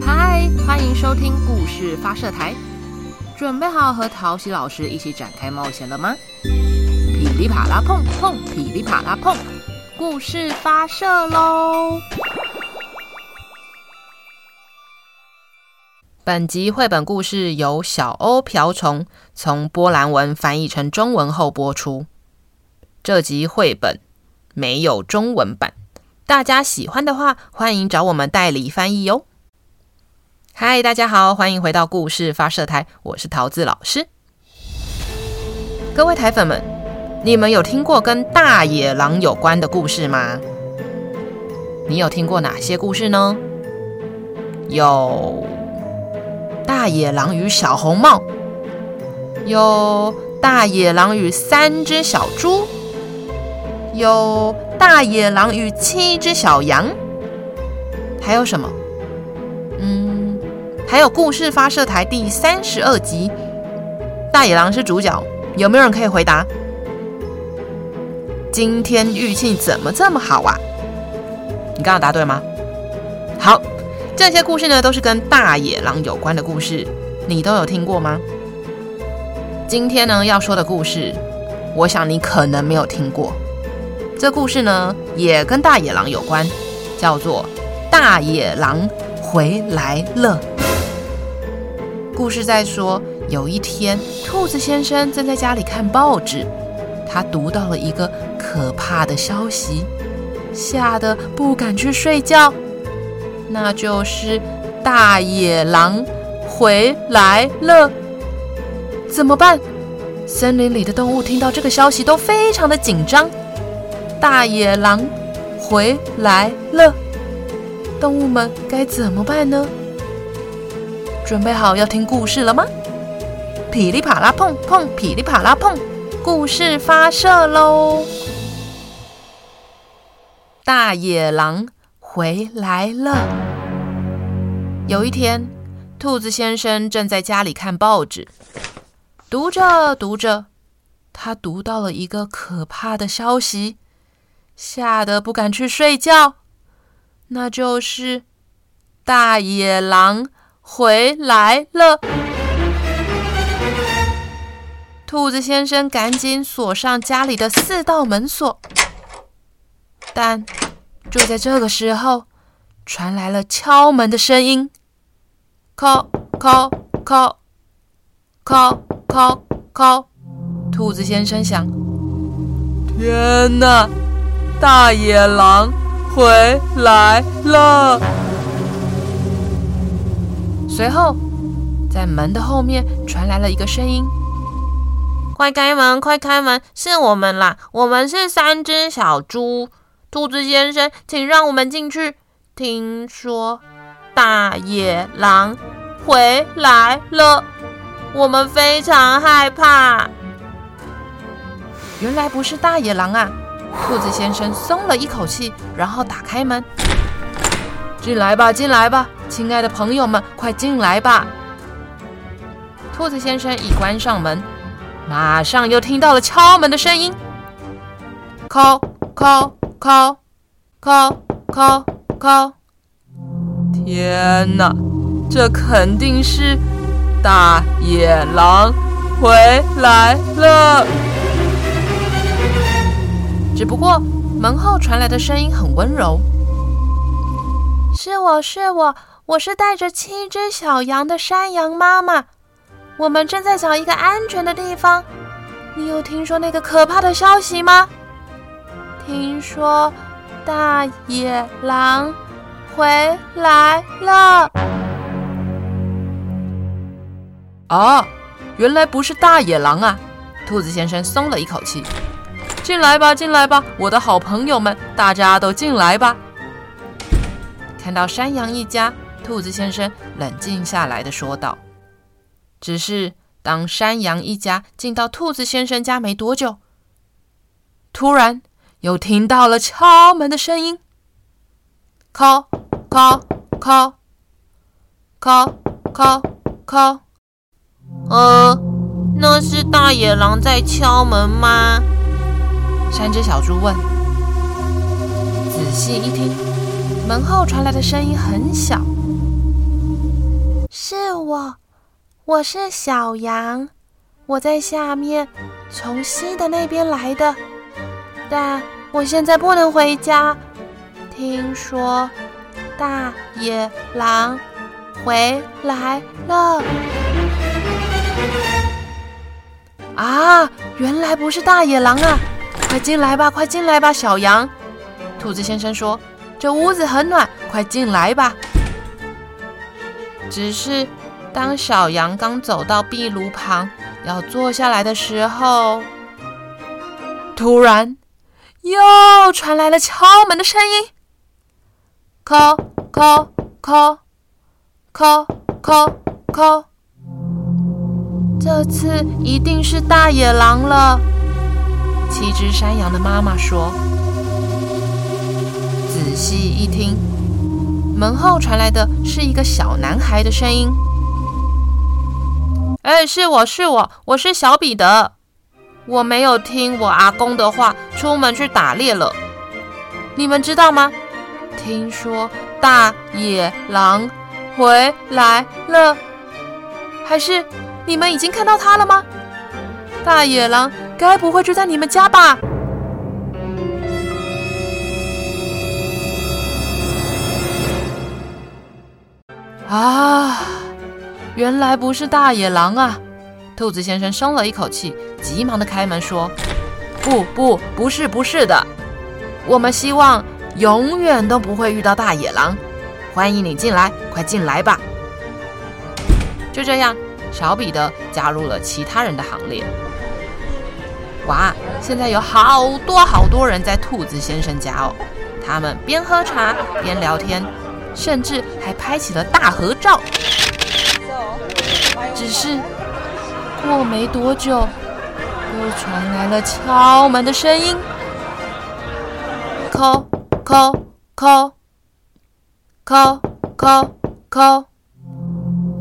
嗨，Hi, 歡迎收聽故事發射台！準備好和阿陶老師一起展開冒險了嗎？噼里啪啦碰碰，噼里啪啦碰，故事發射嘍！本集繪本故事由小歐瓢蟲從波蘭文翻譯成中文後播出。這集繪本沒有中文版，大家喜歡的話，歡迎找我們代理翻譯哦。嗨，Hi, 大家好，歡迎回到故事發射台，我是桃子老師。各位台粉們，你們有聽過跟大野狼有關的故事嗎？你有聽過哪些故事呢？有大野狼與小紅帽，有大野狼與三只小豬，有大野狼與七只小羊，還有什麼？嗯，還有故事發射台第三十二集，大野狼是主角，有沒有人可以回答？今天運氣怎麼這麼好啊？你剛剛答對嗎？好，這些故事呢，都是跟大野狼有關的故事，你都有聽過嗎？今天呢，要說的故事，我想你可能沒有聽過。這故事呢，也跟大野狼有關，叫做大野狼，回來了。故事在說，有一天，兔子先生正在家裡看報紙，他讀到了一個可怕的消息，嚇得不敢去睡覺。那就是大野狼回來了。怎麼辦？森林裡的動物聽到這個消息都非常的緊張。大野狼回來了。動物們該怎麼辦呢？準備好要聽故事了嗎？噼里啪啦碰碰，噼里啪啦碰，故事發射囉！大野狼回來了。有一天，兔子先生正在家裡看報紙，讀着讀着，他讀到了一個可怕的消息，嚇得不敢去睡覺。那就是大野狼回來了。兔子先生趕緊鎖上家裡的四道門鎖，但就在這個時候，傳來了敲門的聲音：敲、敲、敲、敲、敲、敲。兔子先生想：天哪，大野狼！回來了。隨後，在門的後面傳來了一個聲音：“快開門，快開門，是我們啦！我們是三隻小豬，兔子先生，請讓我們進去。聽說大野狼回來了，我們非常害怕。”原來不是大野狼啊。兔子先生鬆了一口氣，然後打開門：“進來吧，進來吧，親愛的朋友們，快進來吧！”兔子先生一關上門，馬上又聽到了敲門的聲音：敲，敲，敲，敲，敲，敲！天哪，這肯定是大野狼回來了！只不過門後傳來的聲音很溫柔，是我是我，我是帶着七隻小羊的山羊媽媽。我們正在找一個安全的地方。你有聽說那個可怕的消息嗎？聽說大野狼回來了。啊，原來不是大野狼啊！兔子先生鬆了一口氣。進來吧，進來吧，我的好朋友們，大家都進來吧。看到山羊一家，兔子先生冷靜下來的說道：“只是當山羊一家進到兔子先生家沒多久，突然又聽到了敲門的聲音，叩，叩，叩，叩，叩，叩。呃，那是大野狼在敲門嗎？”三隻小豬問。仔細一聽，門後傳來的聲音很小。“是我，我是小羊，我在下面，從西的那邊來的。但我現在不能回家，聽說大野狼回來了。”啊，原來不是大野狼啊！快進來吧，快進來吧，小羊！兔子先生說：“這屋子很暖，快進來吧。”只是當小羊剛走到壁爐旁要坐下來的時候，突然又傳來了敲門的聲音：叩，叩，叩，叩，叩，叩。這次一定是大野狼了。七隻山羊的媽媽說：“仔細一聽，門後傳來的是一個小男孩的聲音。哎，是我是我，我是小彼得。我沒有聽我阿公的話，出門去打獵了。你們知道嗎？聽說大野狼回來了，還是你們已經看到他了嗎？大野狼。”該不會住在你們家吧？啊，原來不是大野狼啊！兔子先生鬆了一口氣，急忙地開門說：“不不，不是不是的，我們希望永遠都不會遇到大野狼。歡迎你進來，快進來吧。”就這樣，小彼得加入了其他人的行列。哇，現在有好多好多人在兔子先生家哦，他們邊喝茶邊聊天，甚至還拍起了大合照。走。只是過沒多久，又傳來了敲門的聲音，扣扣扣扣扣扣，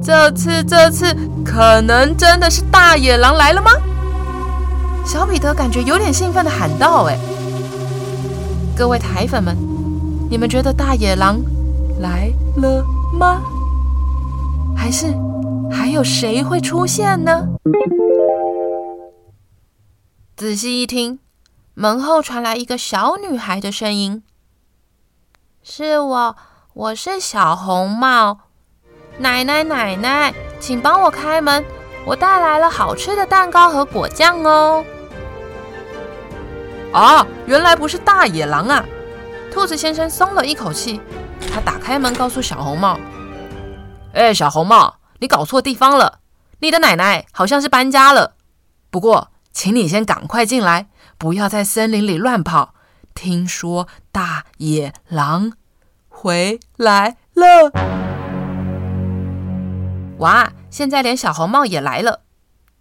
這次這次，可能真的是大野狼來了嗎？小彼得感覺有點興奮的喊道：“哎，各位台粉們，你們覺得大野狼來了嗎？還是還有誰會出現呢？”仔細一聽，門後傳來一個小女孩的聲音：“是我，我是小紅帽，奶奶，奶奶，請幫我開門。”我帶來了好吃的蛋糕和果醬哦！啊，原來不是大野狼啊！兔子先生鬆了一口氣，他打開門告訴小紅帽：“哎，小紅帽，你搞錯地方了。你的奶奶好像是搬家了。不過，請你先趕快進來，不要在森林裡亂跑。聽說大野狼回來了。來了”哇！現在連小紅帽也來了。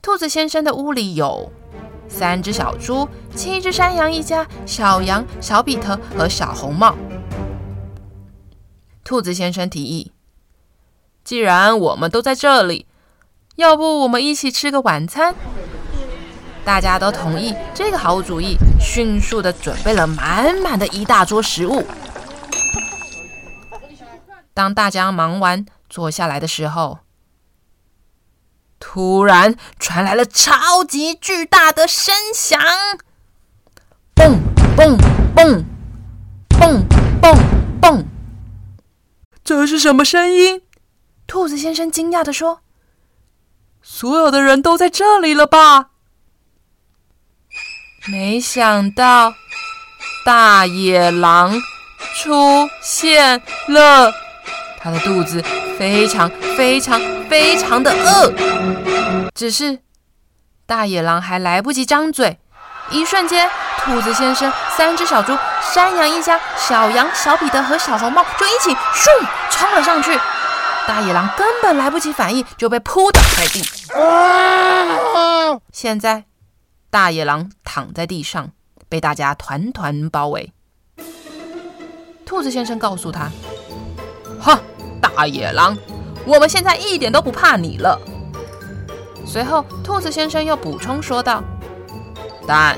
兔子先生的屋裡有三隻小豬、七隻山羊一家、小羊、小彼得和小紅帽。兔子先生提議：“既然我們都在這裡，要不我們一起吃個晚餐？”大家都同意這個好主意，迅速的準備了滿滿的一大桌食物。當大家忙完坐下來的時候。突然傳來了超級巨大的聲響，蹦蹦蹦蹦蹦蹦！蹦蹦蹦蹦蹦，這是什麼聲音？兔子先生驚訝地說：“所有的人都在這裡了吧？”沒想到，大野狼出現了，他的肚子。非常非常非常的餓，只是大野狼還來不及張嘴，一瞬間，兔子先生、三隻小豬、山羊一家、小羊、小彼得和小紅帽就一起衝了上去，大野狼根本來不及反應，就被撲倒在地。現在，大野狼躺在地上，被大家團團包圍。兔子先生告訴他：“大野狼，我們現在一點都不怕你了。隨後，兔子先生又補充說道：“但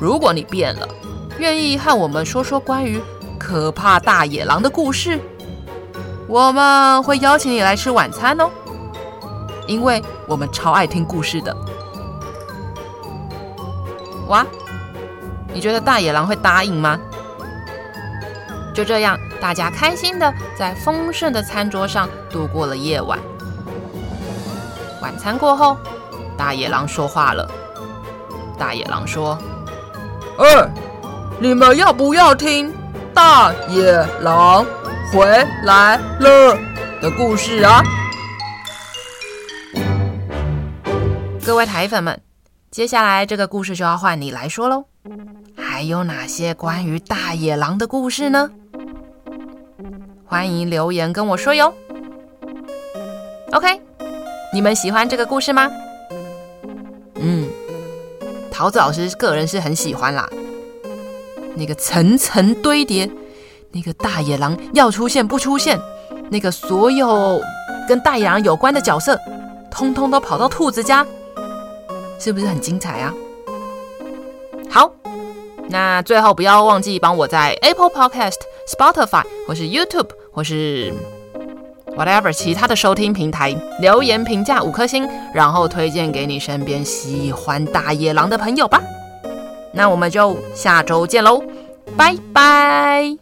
如果你變了，願意和我們說說關於可怕大野狼的故事，我們會邀請你來吃晚餐哦，因為我們超愛聽故事的。”哇，你覺得大野狼會答應嗎？就這樣。大家開心的在豐盛的餐桌上度過了夜晚。晚餐過後，大野狼說話了。大野狼說：“二、欸，你們要不要聽大野狼回來了的故事啊？”各位台粉們，接下來這個故事就要換你來說嘍。還有哪些關於大野狼的故事呢？歡迎留言跟我說喲。OK，你們喜歡這個故事嗎？嗯，陶子老師個人是很喜歡啦。那個層層堆疊，那個大野狼要出現不出現，那個所有跟大野狼有關的角色，通通都跑到兔子家，是不是很精彩啊？好，那最後不要忘記幫我在 Apple Podcast、Spotify 或是 YouTube。或是 whatever 其他的收聽平台，留言評價五顆星，然後推薦給你身邊喜歡大野狼的朋友吧。那我們就下周見嘍，拜拜。